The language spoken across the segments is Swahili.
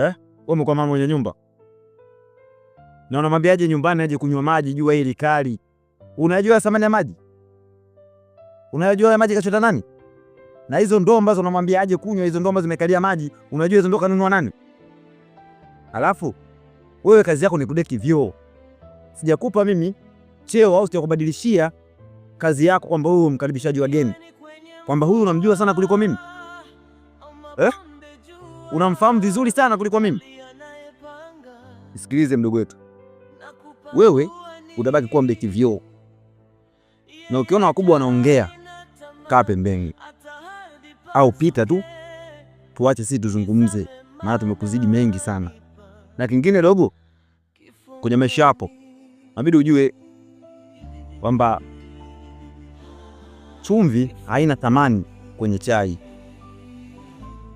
Eh? Wewe umekuwa mama mwenye nyumba. Na unamwambiaje nyumbani aje kunywa maji jua hili kali? Unajua samani ya maji? Unajua ya maji kachota nani? Na hizo ndoo ambazo unamwambia aje kunywa hizo ndoo ambazo zimekalia maji, unajua hizo ndoo kanunua nani? Alafu wewe kazi yako ni kudeki vyoo. Sijakupa mimi cheo au sijakubadilishia kazi yako kwamba wewe umkaribishaji wageni, kwamba huyu unamjua sana kuliko mimi eh? unamfahamu vizuri sana kuliko mimi. Nisikilize mdogo wetu, wewe utabaki kuwa mbeki vyoo, na ukiona wakubwa wanaongea, kaa pembeni au pita tu, tuache sisi tuzungumze, maana tumekuzidi mengi sana. Na kingine dogo, kwenye maisha yapo nabidi ujue kwamba chumvi haina thamani kwenye chai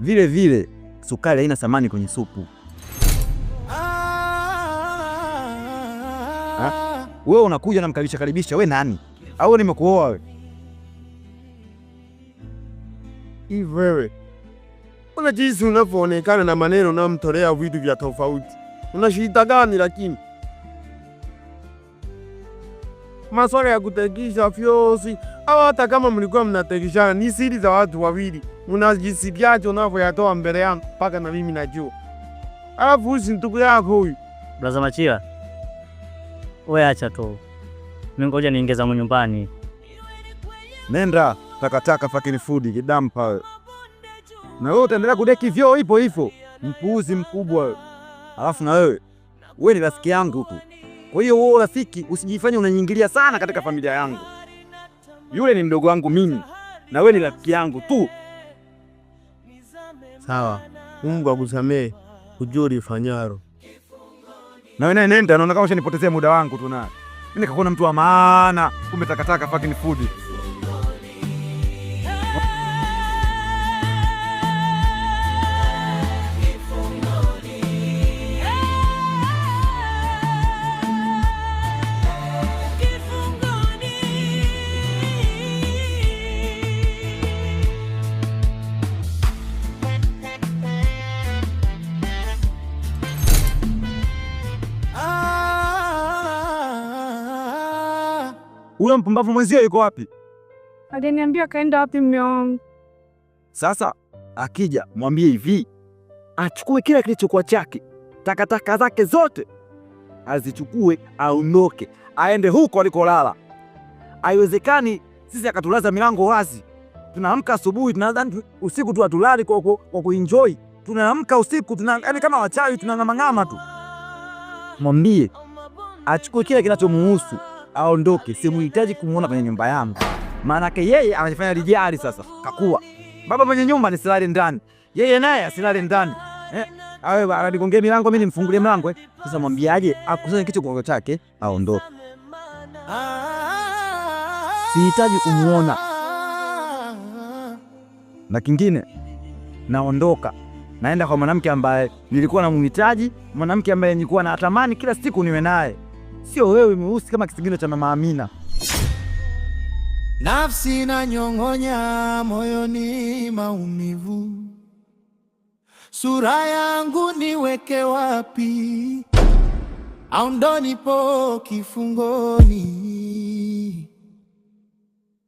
vile vile sukari haina thamani kwenye supu. Wewe unakuja namkaribisha karibisha, we nani? Au nimekuoa we? Hivi wewe una jinsi unavyoonekana na maneno unamtolea vitu vya tofauti, una shida gani? Lakini maswala ya kutekisha vyosi au hata kama mlikuwa mnategeshana, ni siri za watu wawili, mnajisikiaje unavyoyatoa mbele yangu mpaka na mimi najua. Alafu usi ndugu yako huyu Braza Machia, we acha tu, mimi ngoja niingie mnyumbani. nyumbani. Nenda takataka fakini fudi kidampa wewe, na wewe utaendelea kudeki vyoo ipo hivyo, mpuuzi mkubwa wewe. Alafu na wewe wewe ni rafiki yangu huku, kwa hiyo wewe rafiki usijifanye unaingilia sana katika familia yangu. Yule ni mdogo wangu mimi na wewe ni rafiki yangu tu. Sawa, Mungu akusamee kujua fanyaro Na wewe nenda, naona kama ushanipotezea muda wangu tu, na mimi nikakuona mtu wa maana, kumbe takataka fucking food. Huyo mpumbavu mwenzio yuko wapi? Aliniambia kaenda wapi mume wangu. Sasa akija mwambie hivi, achukue kila kilichokuwa chake, takataka zake zote azichukue, aondoke, aende huko alikolala. Haiwezekani sisi akatulaza milango wazi, tunaamka asubuhi, tunadhani usiku tu atulali kwa kwa kuenjoy. Tunaamka usiku tuna kama wachawi tunang'amang'ama tu. Mwambie achukue kila kinachomuhusu aondoke, simuhitaji kumuona kwenye nyumba yangu. Maanake yeye anajifanya rijali sasa, kakua baba mwenye nyumba nisilale ndani, yeye naye asilale ndani eh, awe anigonge milango, mimi nimfungulie mlango eh. Sasa mwambiaje? Akusanye kitu kigongo chake aondoke, sihitaji kumuona. Na kingine, naondoka naenda kwa mwanamke ambaye nilikuwa namhitaji, mwanamke ambaye nilikuwa natamani kila siku niwe naye sio wewe mweusi kama kisigino cha mama Amina. Nafsi na nyong'onya, moyoni maumivu, sura yangu niweke wapi? Au ndo nipo kifungoni,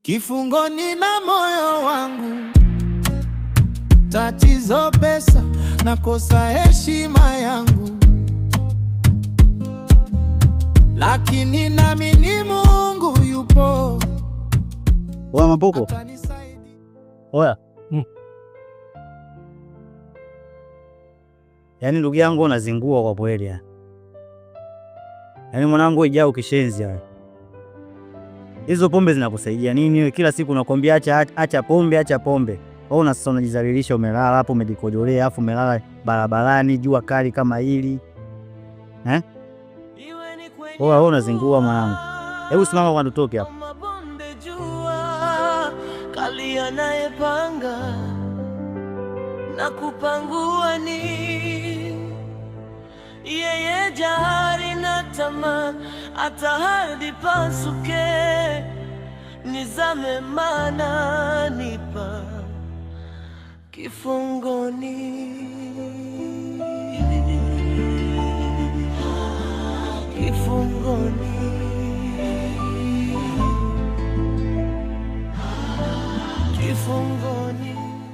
kifungoni na moyo wangu, tatizo pesa, nakosa heshima yangu lakini nami ni Mungu yupo. Oya Mabuko, oya mm. Yaani ndugu yangu unazingua kwa kweli, yaani, yaani mwanangu ijao kishenzi. Hizo pombe zinakusaidia nini Kila siku nakwambia acha, acha pombe, acha pombe wewe unasasa unajizalilisha, umelala hapo umejikojolea, afu umelala barabarani, jua kali kama hili eh? Wewe wewe unazingua mwanangu. Hebu simama kwa tutoke hapa. Mabonde jua kali anayepanga na kupangua ni yeye jahari na tamaa hata hadi pasuke nizame mana nipa kifungoni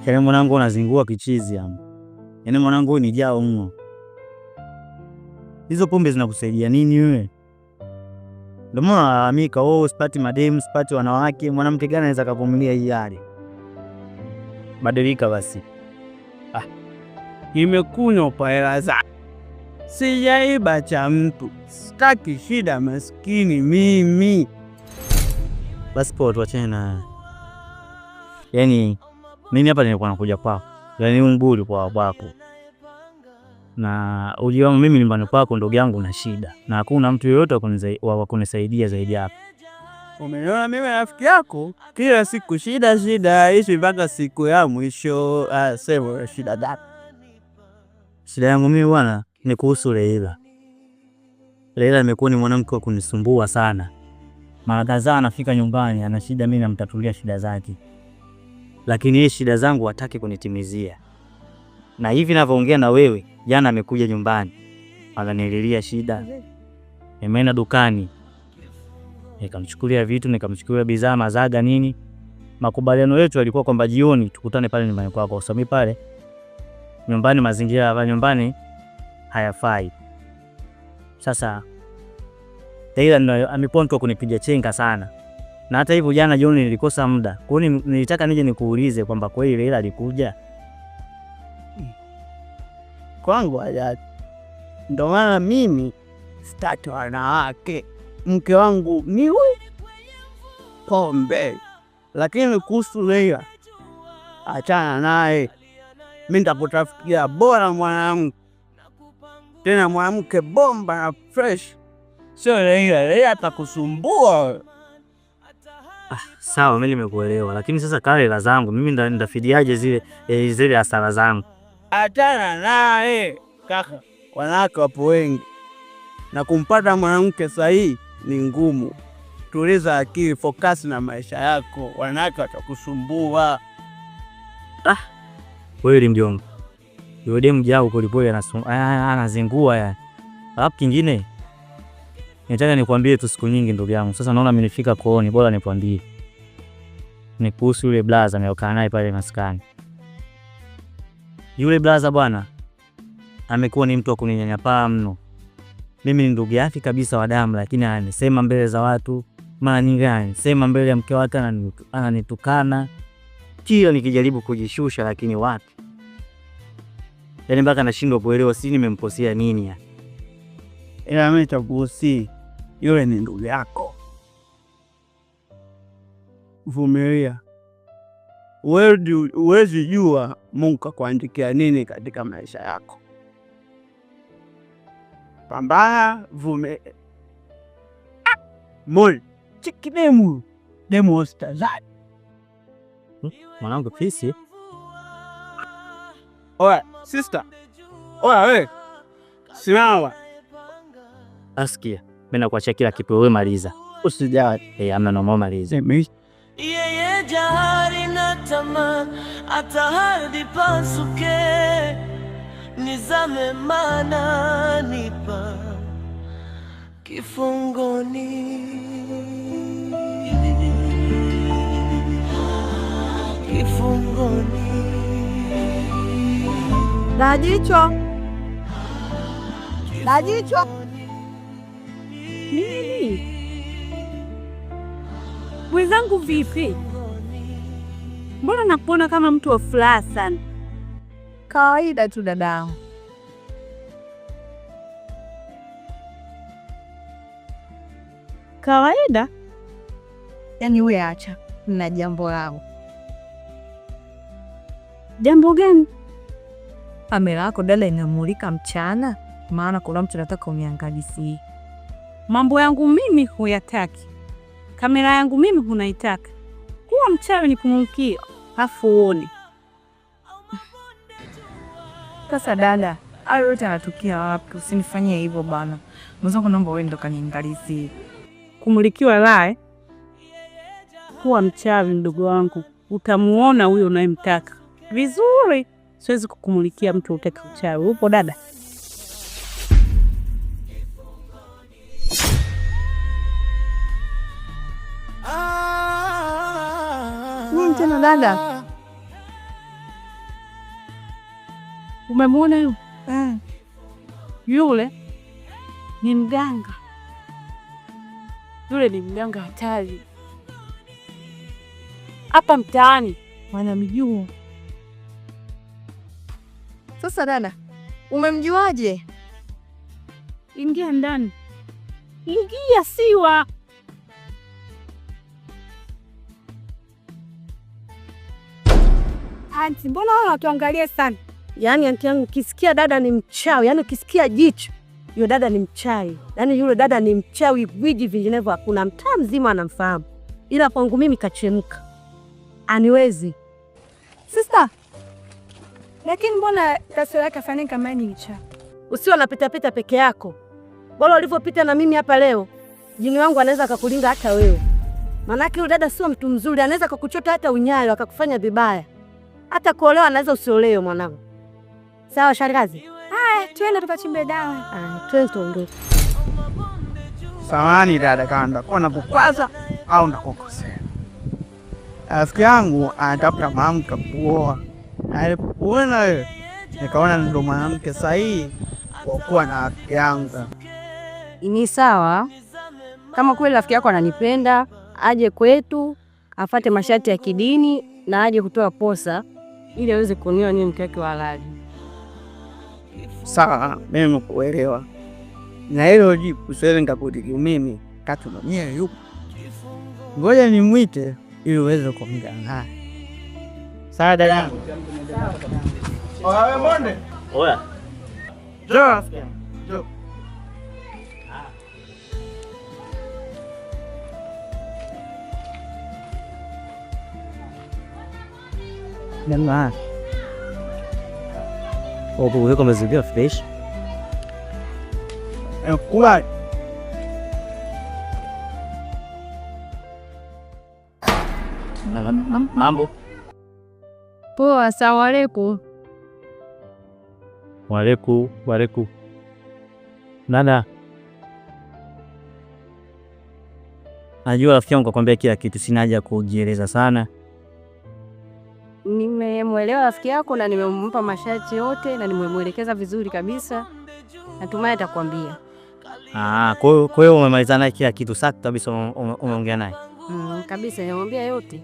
Yaani mwanangu, unazingua kichizi ama? Yaani mwanangu, ni jao mno. Hizo pombe zinakusaidia nini wewe? Ndio maana nalalamika, wewe usipati mademu, sipati wanawake. Mwanamke gani anaweza kuvumilia hii hali? Badilika basi. Ah, imekunywa paela za Sijaiba cha mtu, sitaki shida maskini mimi. Basi poa, tuachane na yaani nini hapa. Nilikuwa nakuja kwako, yaani umbuli kwa babako na ujio wangu mimi nyumbani kwako, ndugu yangu, na shida na hakuna mtu yoyote wa kunisaidia zaidi yako. umeona mimi rafiki yako, kila siku shida shida, ishi mpaka siku ya mwisho. Ah, sema shida dada, shida yangu mimi bwana ni kuhusu Leila. Leila amekuwa ni mwanamke wa kunisumbua sana. Mara kadhaa anafika nyumbani, ana shida, mimi namtatulia shida zake, lakini yeye shida zangu hataki kunitimizia. Na hivi ninavyoongea na wewe, jana amekuja nyumbani, ananililia shida. Nimeenda dukani nikamchukulia vitu, nikamchukulia bidhaa, mazaga nini. Makubaliano yetu yalikuwa kwamba jioni tukutane pale nyumbani kwako, usami pale nyumbani, mazingira ya nyumbani hayafai. Sasa Daylan amekuwa mtu kunipiga chenga sana, na hata hivyo jana jioni nilikosa muda, kwa hiyo nilitaka nije nikuulize kwamba kweli Leila alikuja kwangu aja Ndo maana mimi sitaki wanawake. Mke wangu niwe pombe, lakini kuhusu Leila achana naye, mi ndakutafikia bora mwanangu tena mwanamke bomba na fresh, sio ile ile atakusumbua. Ah, sawa, mimi nimekuelewa, lakini sasa kale hela zangu mimi ndafidiaje zile eh, zile hasara zangu? Achana naye kaka, wanawake wapo wengi na kumpata mwanamke sahihi ni ngumu. Tuliza akili, fokasi na maisha yako, wanawake watakusumbua. Ah, kweli mjomba. Yule mjao Polepole anazingua ya. Alafu kingine nitaka nikwambie tu, siku nyingi ndugu yangu, sasa naona mmenifika kooni, bora nikwambie ni kuhusu yule blaza nilokaa naye pale maskani. Yule blaza bwana amekuwa ni mtu wa kuninyanyapaa mno. Mimi ni ndugu yake kabisa wa damu, lakini ananisema mbele za watu, mara nyingi ananisema mbele ya mke wake, ananitukana kila nikijaribu kujishusha, lakini wapi yaani mpaka nashindwa kuelewa, si nimemkosea nini ya ila mimi nitakuhusia, yule ni ndugu yako, vumilia. Huwezi jua Mungu kakuandikia nini katika maisha yako. pambaya vume Ah, mol chikidemu demu ostazai hmm? mwanangu fisi oya Sister. Oya we. Simama. Asikia. Mimi nakuachia kila kitu wewe maliza. Usijali. Eh, hey, amna noma maliza. Mimi yeye jahari na tamaa atahadi pasuke nizame mana nipa kifungoni kifungoni na jicho na jicho nini? Mwenzangu vipi? Mbona nakuona kama mtu wa furaha sana? Kawaida tu dadao. Kawaida yaani, wewe acha na jambo lao. Jambo gani? kamera yako dada inamulika mchana, maana kuna mtu nataka uniangalizie. Mambo yangu mimi huyataki, kamera yangu mimi hunaitaka. Kuwa mchawi ni kumukia hafu uone. Sasa dada, hayo yote anatukia wapi? Usinifanyie hivyo bana mwenzangu, naomba wewe ndo kaniangalizie. Kumulikiwa lae, eh? kuwa mchawi, mdogo wangu, utamuona huyo unayemtaka vizuri siwezi kukumulikia mtu utaki uchawi. Upo dada? Nini tena dada, umemwona yu eh. Yule ni mganga, yule ni mganga hatari hapa mtaani, wanamjua sasa dada, umemjuaje? Ingia ndani, ingia siwa. Anti, mbona wao watuangalie sana? Yaani anti yangu, ukisikia dada ni mchawi, yaani ukisikia jicho yule dada ni mchawi, yaani yule dada ni mchawi gwiji, vinginevyo hakuna mtaa mzima anamfahamu, ila kwangu mimi kachemka, aniwezi sister. Lakini mbona taswira yake afanye kama ni mcha? Usiwe pita peke yako, bora ulivyopita na mimi hapa leo. Jini wangu anaweza akakulinga hata wewe, Maana yule dada sio mtu mzuri, anaweza kukuchota hata unyayo akakufanya vibaya. Hata kuolewa anaweza usiolewe mwanangu. Sawa shangazi? Haya, twende tukachimbe dawa. Ah, twende tuondoke. Samani dada, kama ndakuwa nakukwaza au ndakukosea. Rafiki yangu anatafuta mwanamke kuoa alipoona wewe, nikaona ndo mwanamke sahihi kwa kuwa na rafiki yangu. Ni sawa, kama kweli rafiki yako ananipenda aje kwetu afate masharti ya kidini na aje kutoa posa ili aweze kunioa ni mke wake wa halali. Sawa, mimi nimekuelewa, na hilo jibu siwezi nikakujibu mimi, kati mwenyewe yupo. Ngoja nimwite ili uweze kuongea naye. Sai đây nha. Ôi, món đi. Ôi à. Rồi, rồi. Nhân mà. Ô, woher kommen Sie wieder Fisch? É Kuwait. Mambo. Poa, sawa aleku. Waleku, waleku. Nana, najua rafiki yangu kakwambia kila kitu, sina haja kujieleza sana. Nimemwelewa rafiki yako na nimempa masharti yote na nimemwelekeza vizuri kabisa, natumai atakwambia. Ah, kwa hiyo umemalizana kila kitu? Safi kabisa, umeongea naye? Mm, kabisa nimemwambia yote.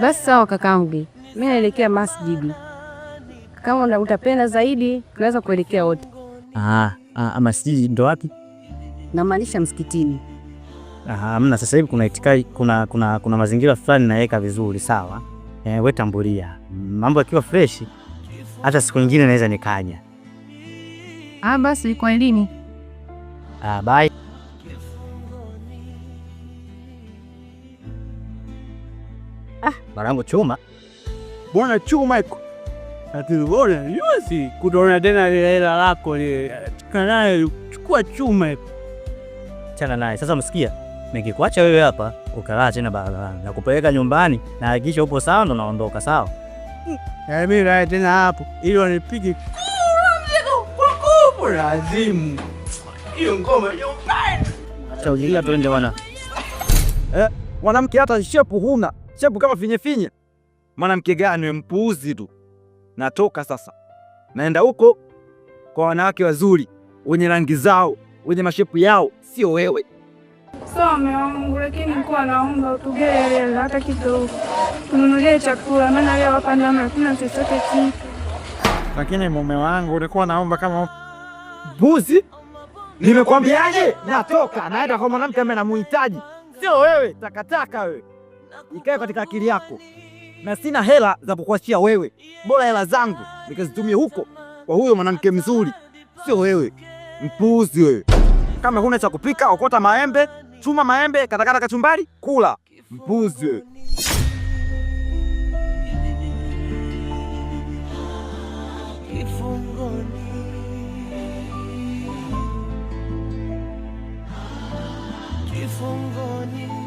Basi sawa kakangu, mimi naelekea masjidi. Kama utapenda zaidi, tunaweza kuelekea wote. Ah, ah, ah masjidi ndo wapi? Namaanisha msikitini. amna sasa hivi kuna itikai, kuna, kuna, kuna mazingira fulani naweka vizuri sawa. E, eh, we tambulia mambo yakiwa fresh, hata siku nyingine naweza nikaja. Ah, basi kwa elini. Ah, bye. Marangu Chuma. Bwana Chuma iko. Ati bora yusi kutoona tena ile hela lako ile. Kanaye chukua Chuma iko. Chana naye. Sasa msikia. Nikikuacha wewe hapa ukalaa tena barabarani na kupeleka nyumbani na hakikisha upo sawa ndo naondoka sawa. Na mimi naye tena hapo ili wanipige. Lazimu. Hiyo ngoma hiyo. Acha ujinga tuende wana. Eh, mwanamke hata shepu huna shepu kama finye finye Mwanamke gani mpuuzi tu. Natoka sasa, naenda huko kwa wanawake wazuri wenye rangi zao wenye mashepu yao, sio wewe. So mume wangu, lakini nilikuwa naomba utugee hela hata kidogo, tununulie chakula, maana leo hapa ndani hakuna chochote kitu. Lakini mume wangu, ulikuwa naomba kama mbuzi. Nimekwambiaje? Natoka naenda kwa mwanamke ambaye namuhitaji, sio wewe takataka wewe ikae katika akili yako, na sina hela za kukuachia wewe, bora hela zangu nikazitumie huko kwa huyo mwanamke mzuri, sio wewe mpuuzi wewe. Kama huna cha kupika, okota maembe, chuma maembe, katakata kachumbari, kula. Mpuuzi wewe. Kifungoni.